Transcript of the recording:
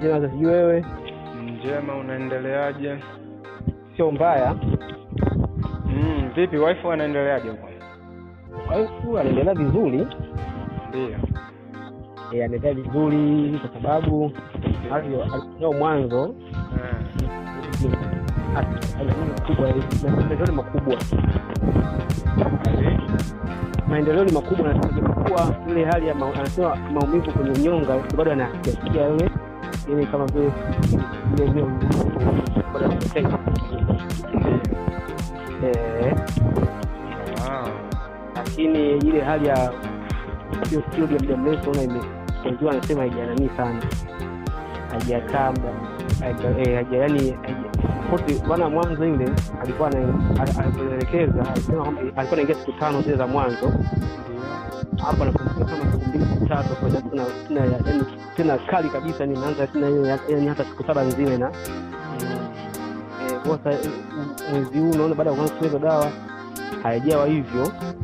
Jema, sijui wewe njema, unaendeleaje? Sio mbaya. Mm, vipi waifu anaendeleaje huko? Waifu anaendelea vizuri, ndio e, anaendelea vizuri kwa sababu alio mwanzo maendeleo ni makubwa, maendeleo ni makubwa, na kuwa ile hali ya anasema maumivu kwenye nyonga bado anasikia wewe lakini kama vile lakini ile hali ya hiyo studio ya muda mrefu naona imeanziwa anasema haijananii sana haijakaa eh, yani mana mwanzo ile alikuwa anaelekeza alikuwa naingia siku tano zile za mwanzo hapo kama siku mbili siku tatu tena kali kabisa nimeanza tena yani hata siku saba nzima na eh, mwezi huu naona baada ya kuanza kuweza dawa haijawa hivyo